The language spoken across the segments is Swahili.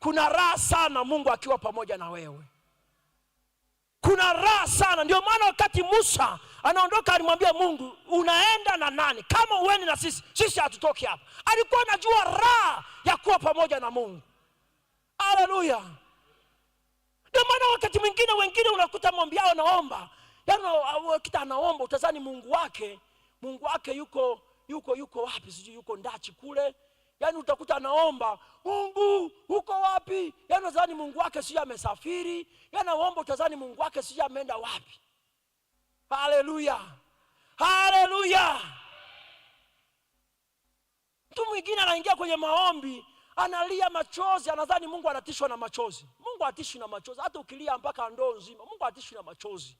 Kuna raha sana Mungu akiwa pamoja na wewe, kuna raha sana. Ndio maana wakati Musa anaondoka alimwambia Mungu, unaenda na nani kama uweni na sisi? Sisi hatutoki hapa. Alikuwa anajua raha ya kuwa pamoja na Mungu. Haleluya! Ndio maana wakati mwingine wengine unakuta mwambia naomba, yaani wakita anaomba utazani Mungu wake Mungu wake yuko yuko yuko wapi? Sijui yuko ndachi kule yani utakuta anaomba Mungu uko wapi? Yaani unadhani Mungu wake sijui amesafiri, yani anaomba utadhani Mungu wake sijui ameenda wapi. Haleluya, haleluya. Mtu mwingine anaingia kwenye maombi analia machozi, anadhani Mungu anatishwa na machozi. Mungu hatishwi na machozi, hata ukilia mpaka ndoo nzima, Mungu hatishwi na machozi.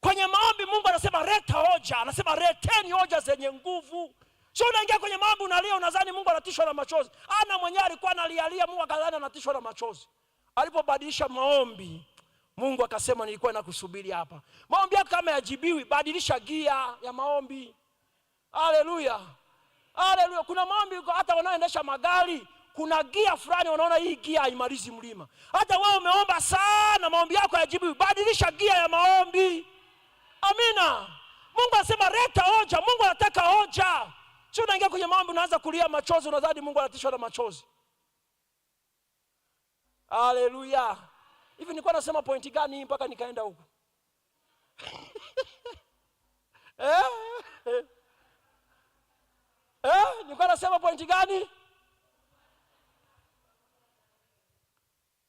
Kwenye maombi Mungu anasema leta hoja, anasema leteni hoja zenye nguvu Sio unaingia kwenye mambo unalia, unadhani Mungu anatishwa na machozi. Ana mwenyewe alikuwa analialia, Mungu akadhani anatishwa na machozi. Alipobadilisha maombi, Mungu akasema nilikuwa nakusubiri hapa. Maombi yako kama yajibiwi, badilisha gia ya maombi. Haleluya. Haleluya. Kuna maombi hata wanaoendesha magari kuna gia fulani wanaona hii gia haimalizi mlima. Hata wewe umeomba sana, maombi yako yajibiwi, badilisha gia ya maombi. Amina. Mungu anasema leta hoja, Mungu anataka hoja. Si unaingia kwenye maombi unaanza kulia machozi, unadhani Mungu anatishwa na machozi. Haleluya! Hivi nilikuwa nasema pointi gani hii mpaka nikaenda huku? Eh? Eh, nilikuwa nasema pointi gani?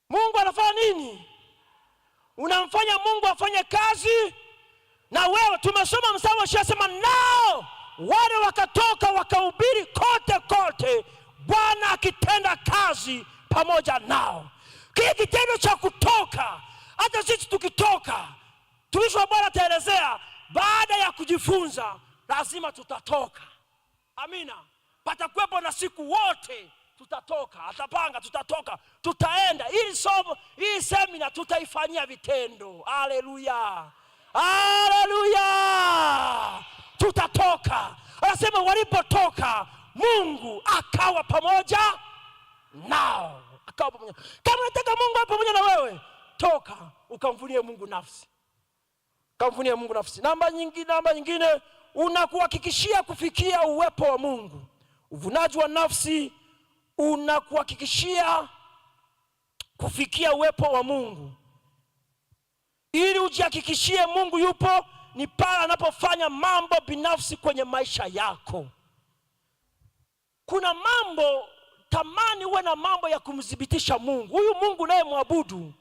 Mungu anafanya nini? Unamfanya Mungu afanye kazi na wewe. Tumesoma mstari ushasema nao wale wakatoka wakahubiri kote kote, Bwana akitenda kazi pamoja nao. Kile kitendo cha kutoka, hata sisi tukitoka, mtumishi wa Bwana ataelezea, baada ya kujifunza lazima tutatoka. Amina, patakuwepo na siku wote tutatoka, atapanga tutatoka, tutaenda ili somo, hii semina tutaifanyia vitendo. Haleluya, haleluya tutatoka. Anasema walipotoka Mungu akawa pamoja nao, akawa pamoja. Kama unataka Mungu awe pamoja na wewe, toka ukamvunie Mungu nafsi, kamvunie Mungu nafsi. Namba nyingine, namba nyingine unakuhakikishia kufikia uwepo wa Mungu. Uvunaji wa nafsi unakuhakikishia kufikia uwepo wa Mungu. Ili ujihakikishie Mungu yupo ni pale anapofanya mambo binafsi kwenye maisha yako. Kuna mambo tamani uwe na mambo ya kumthibitisha Mungu. Huyu Mungu unayemwabudu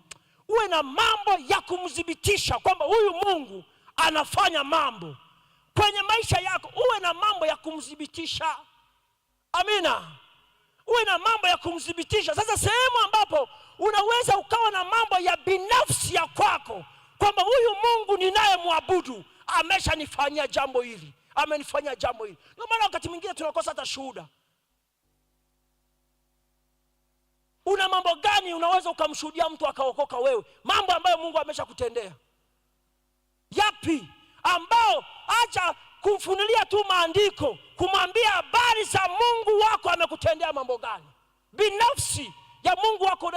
uwe na mambo ya kumthibitisha kwamba huyu Mungu anafanya mambo kwenye maisha yako, uwe na mambo ya kumthibitisha. Amina, uwe na mambo ya kumthibitisha. Sasa sehemu ambapo unaweza ukawa na mambo ya binafsi ya kwako kwamba huyu Mungu ninayemwabudu ameshanifanyia jambo hili, amenifanyia jambo hili. Ndio maana wakati mwingine tunakosa hata shuhuda. Una mambo gani unaweza ukamshuhudia mtu akaokoka wewe? Mambo ambayo Mungu ameshakutendea yapi? Ambao acha kumfunulia tu maandiko, kumwambia habari za Mungu wako amekutendea mambo gani, binafsi ya Mungu wako,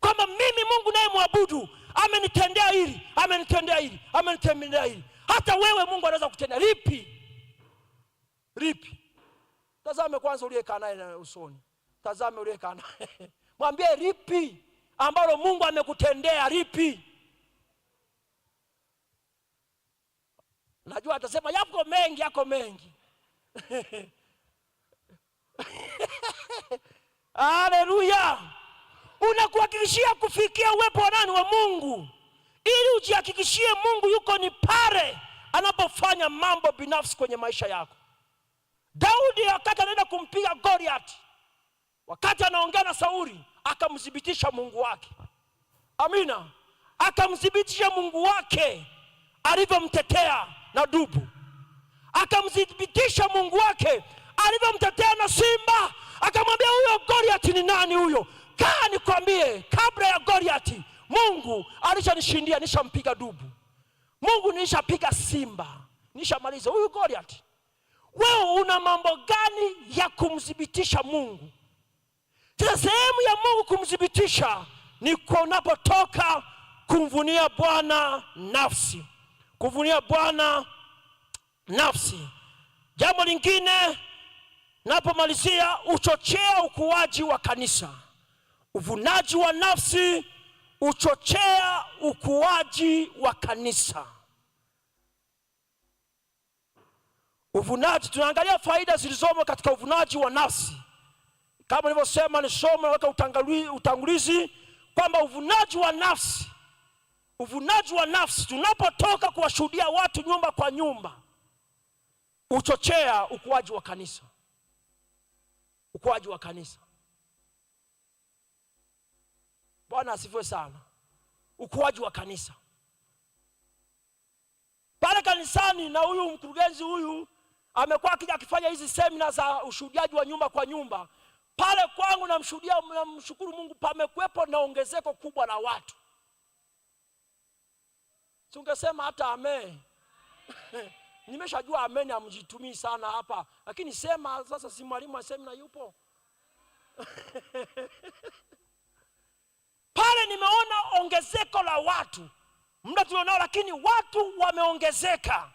kwamba mimi Mungu naye mwabudu amenitendea hili, amenitendea hili, amenitendea hili. Hata wewe Mungu anaweza kutenda lipi? Lipi? Tazame kwanza uliyekaa naye na usoni, tazame uliyekaa naye mwambie lipi ambalo Mungu amekutendea lipi? Najua atasema yako mengi, yako mengi Haleluya! unakuhakikishia kufikia uwepo wa nani? Wa Mungu, ili ujihakikishie Mungu yuko ni pale anapofanya mambo binafsi kwenye maisha yako. Daudi wakati anaenda kumpiga Goliath, wakati anaongea na Sauli akamthibitisha Mungu wake. Amina, akamthibitisha Mungu wake alivyomtetea na dubu, akamthibitisha Mungu wake alivyomtetea na simba, akamwambia huyo Goliath ni nani huyo? Kaa nikwambie, kabla ya Goliati Mungu alishanishindia, nishampiga dubu, Mungu nishapiga simba, nishamaliza huyu Goliati. Wewe una mambo gani ya kumthibitisha Mungu? Sasa sehemu ya Mungu kumthibitisha ni kwa unapotoka kumvunia Bwana nafsi, kuvunia Bwana nafsi. Jambo lingine napomalizia, uchochea ukuaji wa kanisa. Uvunaji wa nafsi huchochea ukuaji wa kanisa. Uvunaji, tunaangalia faida zilizomo katika uvunaji wa nafsi. Kama nilivyosema, ni somo naweka utangulizi kwamba uvunaji wa nafsi, uvunaji wa nafsi, tunapotoka kuwashuhudia watu nyumba kwa nyumba, huchochea ukuaji wa kanisa, ukuaji wa kanisa. Bwana asifiwe sana. Ukuaji wa kanisa pale kanisani, na huyu mkurugenzi huyu amekuwa akija akifanya hizi semina za ushuhudiaji wa nyumba kwa nyumba pale kwangu, namshuhudia, namshukuru Mungu, pamekuwepo na ongezeko kubwa la watu. Tungesema hata amen. Nimeshajua amen amjitumii sana hapa, lakini sema sasa, si mwalimu wa semina yupo? Pale nimeona ongezeko la watu, muda tulionao, lakini watu wameongezeka,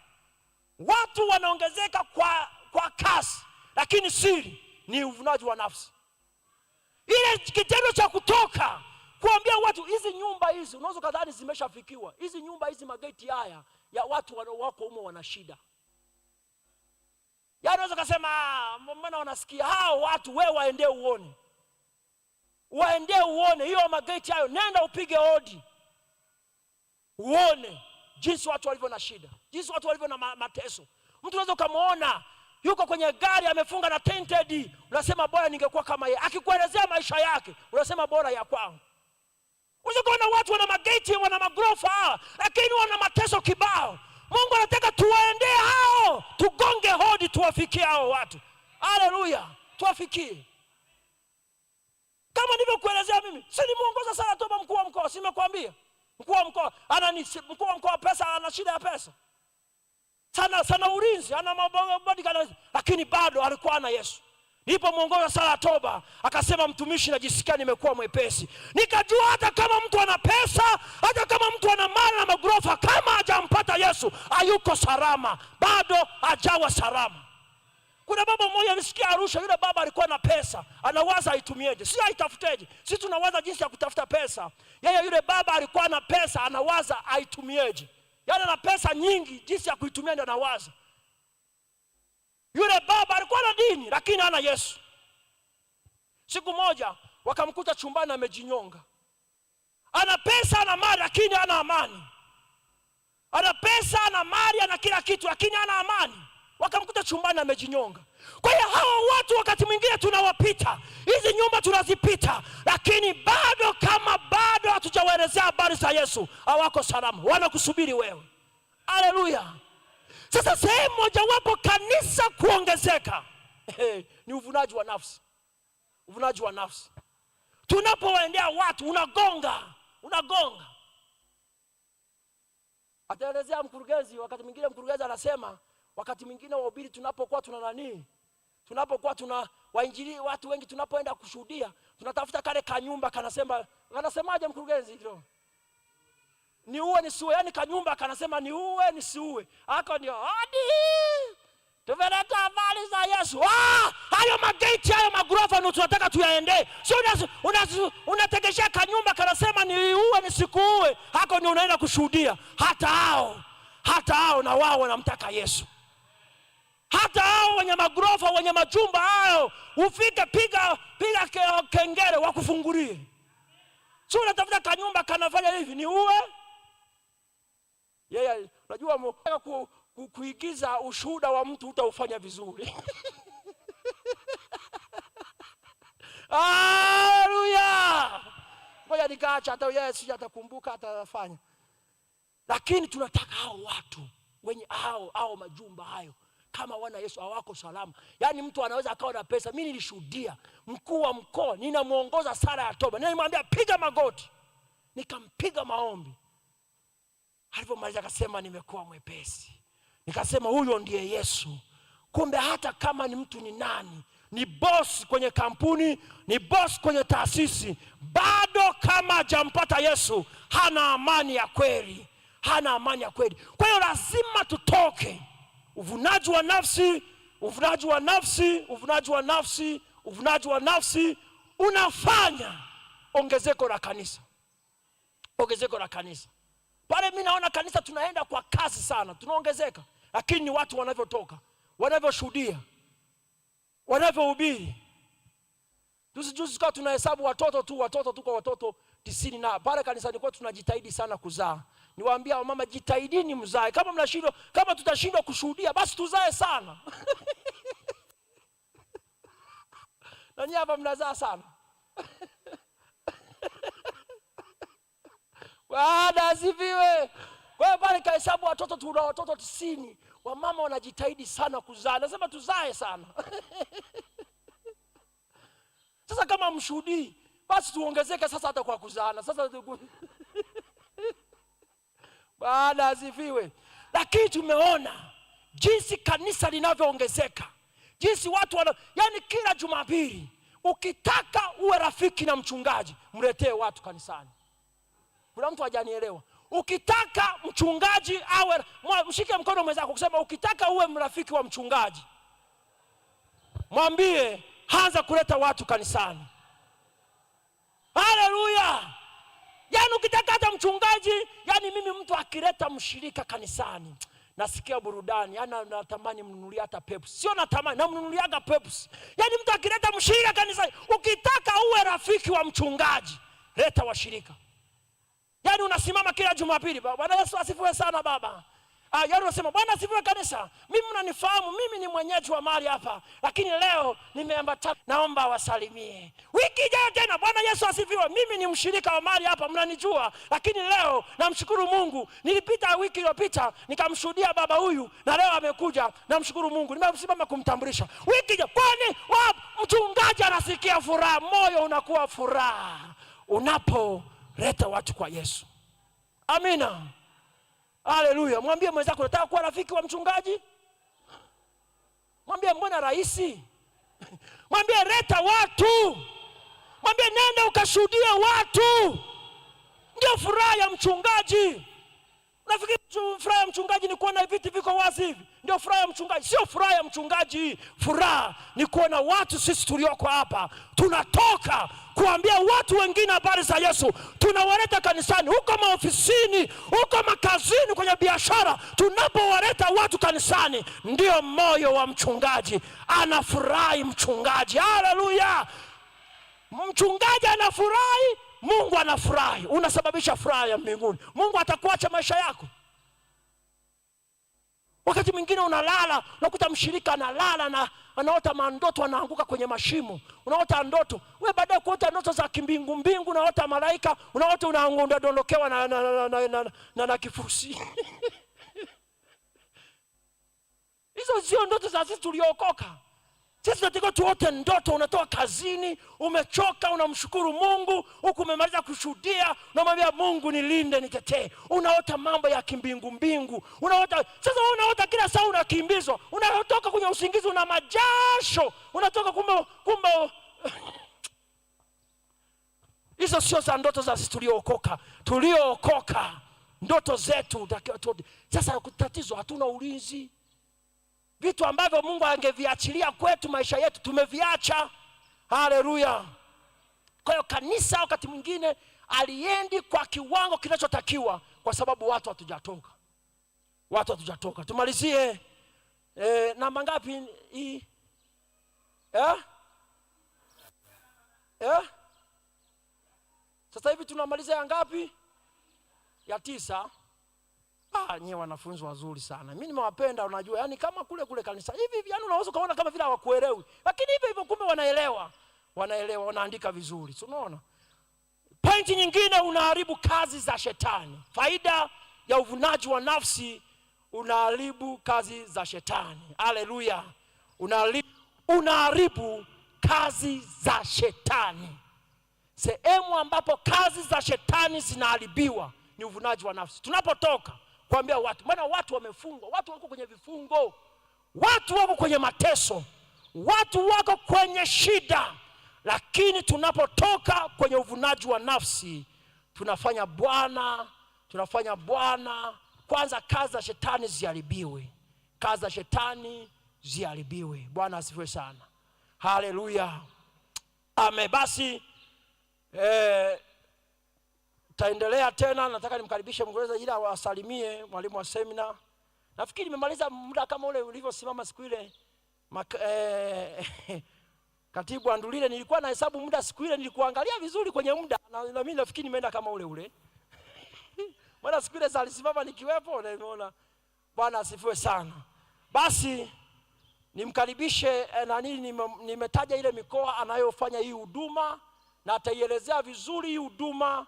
watu wanaongezeka kwa, kwa kasi, lakini siri ni uvunaji wa nafsi. Ile kitendo cha kutoka kuambia watu hizi nyumba hizi, unaweza kadhani zimeshafikiwa hizi nyumba hizi, mageti haya ya watu wako humo wana shida yaani, unaweza kasema ah, mbona wanasikia hao watu, wewe waendee uone waendee uone hiyo mageti hayo, nenda upige hodi uone jinsi watu walivyo na shida, jinsi watu walivyo na mateso. Mtu unaweza ukamwona yuko kwenye gari amefunga na tinted, unasema bora ningekuwa kama yeye. Akikuelezea maisha yake unasema bora ya kwangu. Unaweza kuona watu wana mageti, wana magrofa, lakini wana mateso kibao. Mungu anataka tuwaendee hao, tugonge hodi, tuwafikie hao watu. Haleluya, tuwafikie kama nilivyokuelezea mimi, si nimuongoza sana toba mkuu wa mkoa? Si nimekwambia mkuu wa mkoa ana mkuu wa mkoa pesa, ana shida ya pesa sana sana, ulinzi ana mabadiliko, lakini bado alikuwa na Yesu. Nilipomwongoza sala ya toba akasema, mtumishi, najisikia nimekuwa mwepesi. Nikajua hata kama mtu ana pesa, hata kama mtu ana mali na magrofa kama hajampata Yesu hayuko salama, bado hajawa salama. Kuna baba mmoja nisikia Arusha, yule baba alikuwa na pesa, anawaza aitumieje, si aitafuteje? Si tunawaza jinsi ya kutafuta pesa, yeye yule baba alikuwa na pesa, anawaza aitumieje, yaani ana pesa nyingi, jinsi ya kuitumia ndio anawaza. Yule baba alikuwa na dini, lakini hana Yesu. Siku moja wakamkuta chumbani amejinyonga, ana pesa, ana mali, lakini hana amani. Ana pesa, ana mali, ana kila kitu, lakini hana amani wakamkuta chumbani amejinyonga. Kwa hiyo hawa watu wakati mwingine tunawapita, hizi nyumba tunazipita, lakini bado kama bado hatujawaelezea habari za Yesu, hawako salama, wanakusubiri wewe. Haleluya! Sasa sehemu mojawapo kanisa kuongezeka hey, ni uvunaji wa nafsi, uvunaji wa nafsi. Tunapowaendea watu unagonga, unagonga. Ataelezea mkurugenzi, wakati mwingine mkurugenzi anasema Wakati mwingine wahubiri tunapokuwa tuna nani, tunapokuwa tuna wainjili, watu wengi tunapoenda kushuhudia tunatafuta kale kanyumba kanasema, anasemaje mkurugenzi hilo ni uwe ni nisiue, yani kanyumba kanasema ni uwe ni nisiue, hako ndio hadi tuvereta habari za Yesu. Ah, hayo mageti hayo magrofa ndio tunataka tuyaende, sio una, una kanyumba kanasema ni uwe ni nisikuue, hako ndio unaenda kushuhudia. Hata hao hata hao na wao wanamtaka Yesu hata hao wenye magrofa wenye majumba hayo, ufike piga piga kengele wakufungulie. Si unatafuta kanyumba kanafanya hivi ni uwe yeye Unajua ku, ku, kuigiza ushuhuda wa mtu utaufanya vizuri Haleluya! Ngoja nikaacha hata yeye si atakumbuka atafanya, lakini tunataka hao watu wenye hao hao majumba hayo kama wana Yesu hawako salama. Yaani mtu anaweza akawa na pesa. Mimi nilishuhudia mkuu wa mkoa, ninamuongoza sala ya toba, nilimwambia piga magoti, nikampiga maombi. Alipomaliza akasema nimekuwa mwepesi. Nikasema huyo ndiye Yesu. Kumbe hata kama ni mtu ni nani, ni boss kwenye kampuni, ni boss kwenye taasisi, bado kama hajampata Yesu hana amani ya kweli, hana amani ya kweli. Kwa hiyo lazima tutoke uvunaji wa nafsi, uvunaji wa nafsi, uvunaji wa nafsi, uvunaji wa nafsi unafanya ongezeko la kanisa, ongezeko la kanisa pale. Mimi naona kanisa tunaenda kwa kasi sana, tunaongezeka, lakini ni watu wanavyotoka, wanavyoshuhudia, wanavyohubiri. Juzi juzi tukawa tunahesabu watoto tu, watoto tu kwa watoto tisini, na pale kanisani kwetu tunajitahidi sana kuzaa niwaambia wamama, jitahidini mzae. Kama mnashindwa, kama tutashindwa kushuhudia, basi tuzae sana na hapa mnazaa sana Bwana asifiwe. Kwa hiyo pale kahesabu watoto, tuna watoto tisini. Wamama wanajitahidi sana kuzaa, nasema tuzae sana Sasa kama mshuhudii, basi tuongezeke sasa hata kwa kuzaana sasa Bwana asifiwe. Lakini tumeona jinsi kanisa linavyoongezeka, jinsi watu wana, yani kila Jumapili ukitaka uwe rafiki na mchungaji, mletee watu kanisani. Kuna mtu hajanielewa. Ukitaka mchungaji awe, mshike mkono mwenzako kusema, ukitaka uwe mrafiki wa mchungaji, mwambie anza kuleta watu kanisani. Haleluya! yani ukitaka hata mchungaji, yani mimi mtu akileta mshirika kanisani nasikia burudani, yani natamani mnunulia hata Pepsi. Sio natamani, namnunuliaga Pepsi. Yani mtu akileta mshirika kanisani, ukitaka uwe rafiki wa mchungaji, leta washirika. Yani unasimama kila Jumapili, Bwana Yesu asifiwe sana baba Ah, Ayari wasema Bwana asifiwe kanisa. Mimi mnanifahamu, mimi ni mwenyeji wa mali hapa, lakini leo nimeambatana, naomba wasalimie. Wiki ijayo tena, Bwana Yesu asifiwe, mimi ni mshirika wa mali hapa, mnanijua, lakini leo namshukuru Mungu. Nilipita wiki iliyopita nikamshuhudia baba huyu, na leo amekuja, namshukuru Mungu. Nimesimama kumtambulisha wiki ijayo. Kwani mchungaji anasikia furaha, moyo unakuwa furaha unapoleta watu kwa Yesu. Amina. Haleluya! Mwambie mwenzako nataka kuwa rafiki wa mchungaji. Mwambie mbona rahisi. Mwambie leta watu, mwambie nenda ukashuhudie watu. Ndio furaha ya mchungaji. Nafikiri furaha ya mchungaji ni kuona viti viko wazi hivi ndio furaha ya mchungaji. Sio furaha ya mchungaji, furaha ni kuona watu sisi tulioko hapa tunatoka kuambia watu wengine habari za Yesu, tunawaleta kanisani, huko maofisini, huko makazini, kwenye biashara. Tunapowaleta watu kanisani, ndio moyo wa mchungaji, anafurahi mchungaji. Haleluya! Mchungaji anafurahi, Mungu anafurahi, unasababisha furaha ya mbinguni. Mungu atakuacha maisha yako Wakati mwingine unalala unakuta mshirika analala na anaota mandoto, anaanguka kwenye mashimo. Unaota ndoto wewe, baada ya kuota ndoto za kimbingu mbingu, unaota malaika, unaota unadondokewa na, na, na, na, na, na, na kifusi hizo sio ndoto za sisi tuliokoka. Sisi tunatakiwa tuote ndoto. Unatoka kazini umechoka, unamshukuru Mungu, huku umemaliza kushuhudia, unamwambia Mungu nilinde, nitetee. Unaota mambo ya kimbingu mbingu, unaota sasa, unaota kila saa unakimbizwa, unatoka kwenye usingizi una majasho, unatoka kumbe, kumbe hizo sio za ndoto za sisi tuliookoka. Tuliookoka ndoto zetu sasa, tatizo hatuna ulinzi vitu ambavyo Mungu angeviachilia kwetu maisha yetu tumeviacha. Haleluya! Kwa hiyo kanisa wakati mwingine aliendi kwa kiwango kinachotakiwa kwa sababu watu hatujatoka, watu hatujatoka. Tumalizie e, na mangapi hii e? eh? Eh? Sasa hivi tunamaliza ya ngapi? Ya tisa ah, nyewe wanafunzi wazuri sana, mimi nimewapenda. Unajua Yaani kama kule kule kanisa hivi, yani unaweza ukaona kama vile hawakuelewi, lakini hivi hivyo kumbe wanaelewa, wanaelewa, wanaandika vizuri. Si unaona? Pointi nyingine, unaharibu kazi za shetani. Faida ya uvunaji wa nafsi, unaharibu kazi za shetani. Haleluya! unaharibu unaharibu kazi za shetani. Sehemu ambapo kazi za shetani zinaharibiwa ni uvunaji wa nafsi. Tunapotoka kuambia watu, maana watu wamefungwa, watu wako kwenye vifungo, watu wako kwenye mateso, watu wako kwenye shida. Lakini tunapotoka kwenye uvunaji wa nafsi, tunafanya Bwana, tunafanya Bwana kwanza, kazi za shetani ziharibiwe, kazi za shetani ziharibiwe. Bwana asifiwe sana, haleluya, ame. Basi eh, Taendelea tena, nataka nimkaribishe Mngereza ila wasalimie mwalimu wa semina. Nafikiri nimemaliza muda kama ule ulivyosimama siku ile eh, katibu Andulile, nilikuwa na hesabu muda siku ile, nilikuangalia vizuri kwenye muda na, na mimi nafikiri nimeenda kama ule ule maana siku ile alisimama nikiwepo, nimeona. Bwana asifiwe sana. Basi nimkaribishe eh, na nini, nimetaja ile mikoa anayofanya hii huduma na ataielezea vizuri hii huduma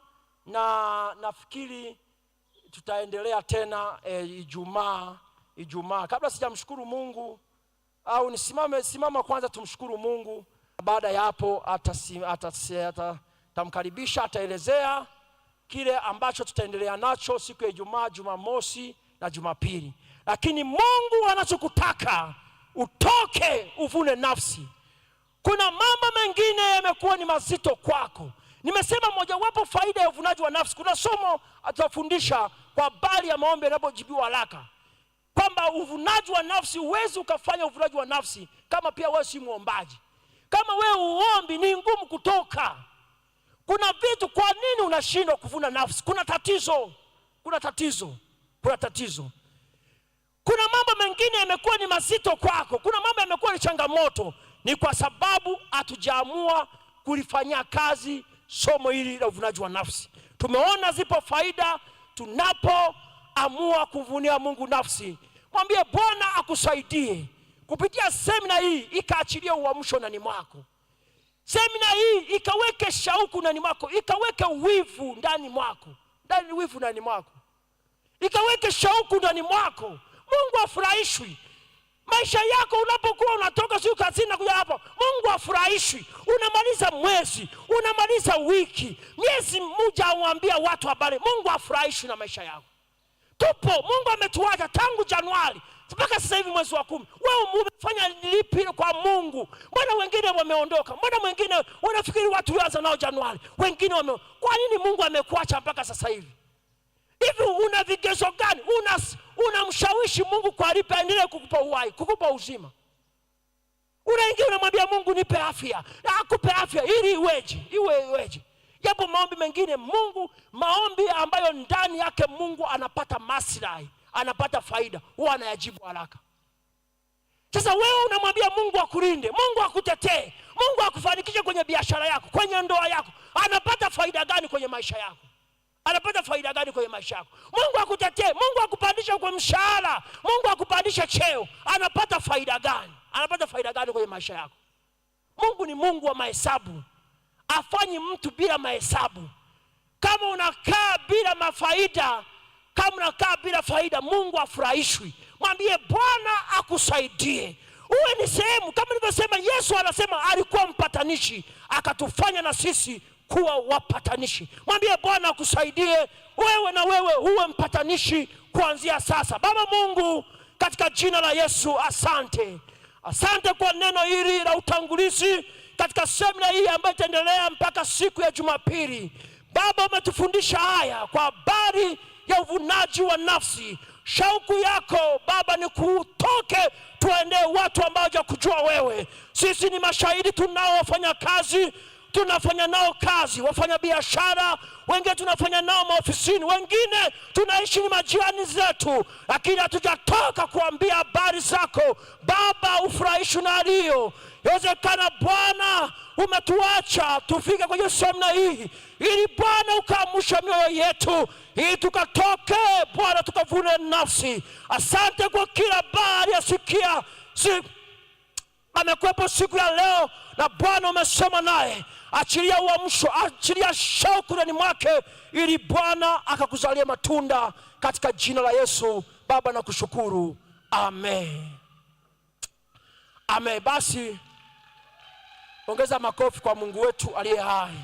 na nafikiri tutaendelea tena e, Ijumaa Ijumaa. Kabla sijamshukuru Mungu au nisimame, simama kwanza tumshukuru Mungu. Baada ya hapo atamkaribisha, ataelezea kile ambacho tutaendelea nacho siku ya Ijumaa, Jumamosi na Jumapili. Lakini Mungu anachokutaka utoke, uvune nafsi. Kuna mambo mengine yamekuwa ni mazito kwako. Nimesema mojawapo faida ya uvunaji wa nafsi, kuna somo atafundisha kwa habari ya maombi yanapojibiwa haraka, kwamba uvunaji wa nafsi, huwezi ukafanya uvunaji wa nafsi kama pia wewe si mwombaji. Kama wewe uombi, ni ngumu kutoka. Kuna vitu, kwa nini unashindwa kuvuna nafsi? Kuna tatizo, kuna tatizo, kuna tatizo. Kuna mambo mengine yamekuwa ni mazito kwako, kuna mambo yamekuwa ni changamoto, ni kwa sababu hatujaamua kulifanyia kazi somo hili la uvunaji wa nafsi. Tumeona zipo faida tunapoamua kumvunia Mungu nafsi. Mwambie Bwana akusaidie kupitia semina hii, ikaachilie uamsho ndani mwako. Semina hii ikaweke shauku ndani mwako, ikaweke wivu ndani mwako, ndani wivu ndani mwako, ikaweke shauku ndani mwako. Mungu afurahishwi Maisha yako unapokuwa unatoka siku kazini na kuja hapo, Mungu afurahishwi. Unamaliza mwezi, unamaliza wiki, miezi, muja uambia watu habari. Mungu afurahishwi na maisha yako. Tupo, Mungu ametuacha tangu Januari mpaka sasa hivi mwezi wa kumi. Wewe umefanya lipi kwa Mungu? Mbona wengine wameondoka? Mbona wengine wanafikiri watu wanaanza nao Januari, wengine wame... kwa nini Mungu amekuacha mpaka sasa hivi? Hivi una vigezo gani? Unamshawishi una Mungu kwa alipe aendelee kukupa uhai, kukupa uzima. Unaingia unamwambia Mungu nipe afya, akupe afya ili iweje? Iwe iweje? Japo maombi mengine Mungu, maombi ambayo ndani yake Mungu anapata maslahi, anapata faida, huwa anayajibu haraka. Sasa wewe unamwambia Mungu akulinde, Mungu akutetee, Mungu akufanikishe kwenye biashara yako, kwenye ndoa yako, anapata faida gani kwenye maisha yako? anapata faida gani kwenye maisha yako? Mungu akutetee, Mungu akupandisha kwa mshahara, Mungu akupandisha cheo, anapata faida gani? Anapata faida gani kwenye maisha yako? Mungu ni Mungu wa mahesabu, afanyi mtu bila mahesabu. Kama unakaa bila mafaida, kama unakaa bila faida, Mungu afurahishwi. Mwambie Bwana akusaidie uwe ni sehemu, kama nilivyosema. Yesu anasema alikuwa mpatanishi, akatufanya na sisi kuwa wapatanishi. Mwambie Bwana akusaidie wewe na wewe uwe mpatanishi kuanzia sasa. Baba Mungu, katika jina la Yesu, asante, asante kwa neno hili la utangulizi katika semina hii ambayo itaendelea mpaka siku ya Jumapili. Baba, umetufundisha haya kwa habari ya uvunaji wa nafsi. Shauku yako Baba ni kutoke tuwaendee watu ambao hawajakujua wewe. Sisi ni mashahidi tunaofanya kazi tunafanya nao kazi, wafanyabiashara wengine tunafanya nao maofisini, wengine tunaishi ni majirani zetu, lakini hatujatoka kuambia habari zako Baba, na nalio. Yawezekana Bwana umetuacha tufike kwenye sehemu hii, ili Bwana ukaamusha mioyo yetu, ili tukatoke Bwana tukavune nafsi. Asante kwa kila bari asikia si amekuwepo siku ya leo na Bwana umesema naye, achilia uamsho, achilia shauku ndani mwake, ili Bwana akakuzalia matunda katika jina la Yesu. Baba nakushukuru, amen, amen. Basi ongeza makofi kwa Mungu wetu aliye hai.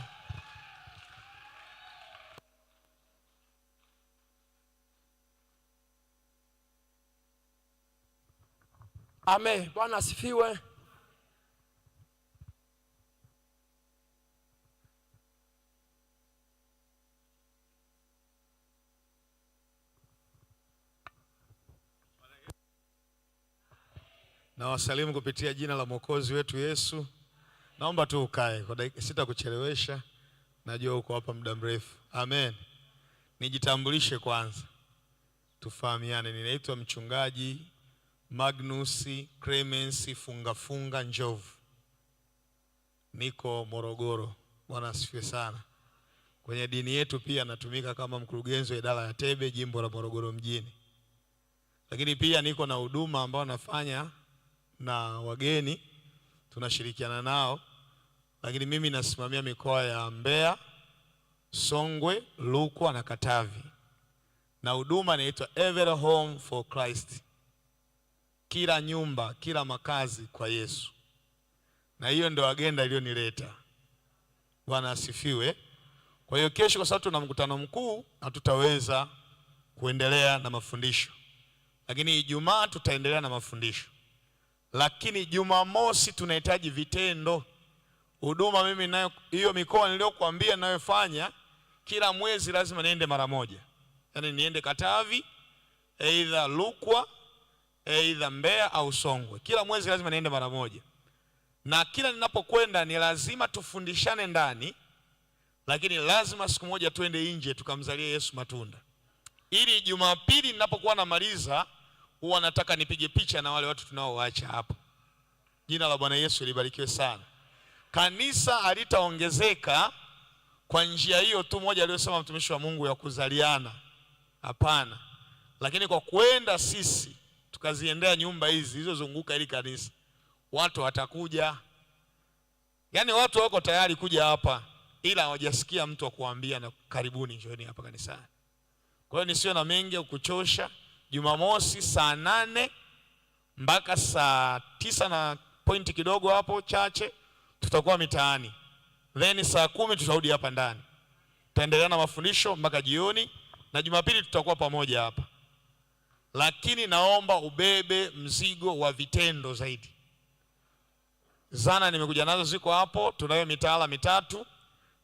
Amen. Bwana asifiwe. Na wasalimu kupitia jina la Mwokozi wetu Yesu. Naomba tu ukae kwa dakika, sitakuchelewesha. Najua uko hapa muda mrefu. Amen. Nijitambulishe kwanza, tufahamiane. Ninaitwa mchungaji Magnus Clemens Fungafunga Njovu, niko Morogoro. Bwana asifiwe sana. Kwenye dini yetu pia natumika kama mkurugenzi wa idara ya Tebe, jimbo la Morogoro mjini, lakini pia niko na huduma ambayo nafanya na wageni tunashirikiana nao, lakini mimi nasimamia mikoa ya Mbeya, Songwe, Rukwa na Katavi, na huduma inaitwa Every Home for Christ, kila nyumba, kila makazi kwa Yesu, na hiyo ndio agenda iliyonileta. Bwana asifiwe. Kwa hiyo kesho, kwa sababu tuna mkutano mkuu, hatutaweza kuendelea na mafundisho, lakini Ijumaa tutaendelea na mafundisho. Lakini Jumamosi tunahitaji vitendo. Huduma mimi nayo hiyo mikoa niliyokuambia ninayofanya kila mwezi lazima niende mara moja, yaani niende Katavi, aidha Lukwa, aidha Mbeya au Songwe. Kila mwezi lazima niende mara moja, na kila ninapokwenda ni lazima tufundishane ndani, lakini lazima siku moja tuende nje tukamzalie Yesu matunda, ili Jumapili ninapokuwa namaliza huwa nataka nipige picha na wale watu tunaowaacha hapa. Jina la Bwana Yesu libarikiwe sana. Kanisa halitaongezeka kwa njia hiyo tu moja aliyosema mtumishi wa Mungu ya kuzaliana, hapana, lakini kwa kwenda sisi tukaziendea nyumba hizi zilizozunguka ili kanisa, watu watakuja. Yaani watu wako tayari kuja hapa, ila hawajasikia mtu wa kuambia na karibuni, njooni hapa kanisani. Kwa hiyo nisiwe na mengi ya kuchosha. Jumamosi saa nane mpaka saa tisa na pointi kidogo hapo chache tutakuwa mitaani, then saa kumi tutarudi hapa ndani, tutaendelea na mafundisho mpaka jioni, na Jumapili tutakuwa pamoja hapa. Lakini naomba ubebe mzigo wa vitendo zaidi. Zana nimekuja nazo ziko hapo, tunayo mitaala mitatu.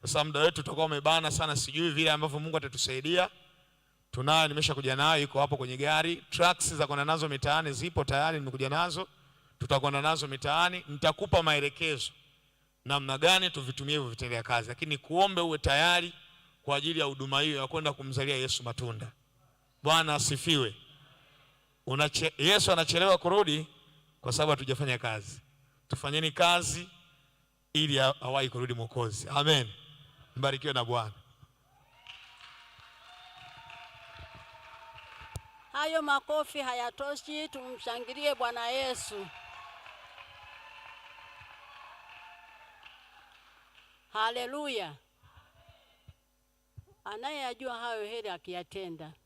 Sasa muda wetu tutakuwa umebana sana, sijui vile ambavyo Mungu atatusaidia tunayo, nimeshakuja nayo, iko hapo kwenye gari. trucks za kwenda nazo mitaani zipo tayari, nimekuja nazo, tutakwenda nazo mitaani. Nitakupa maelekezo namna gani tuvitumie hivyo vitendea kazi, lakini kuombe uwe tayari kwa ajili ya huduma hiyo ya kwenda kumzalia Yesu matunda. Bwana asifiwe. Unache, Yesu anachelewa kurudi kwa sababu hatujafanya kazi. Tufanyeni kazi ili awahi kurudi Mwokozi. Amen, mbarikiwe na Bwana. Hayo makofi hayatoshi, tumshangilie Bwana Yesu. Haleluya! Anayeyajua hayo heri akiyatenda.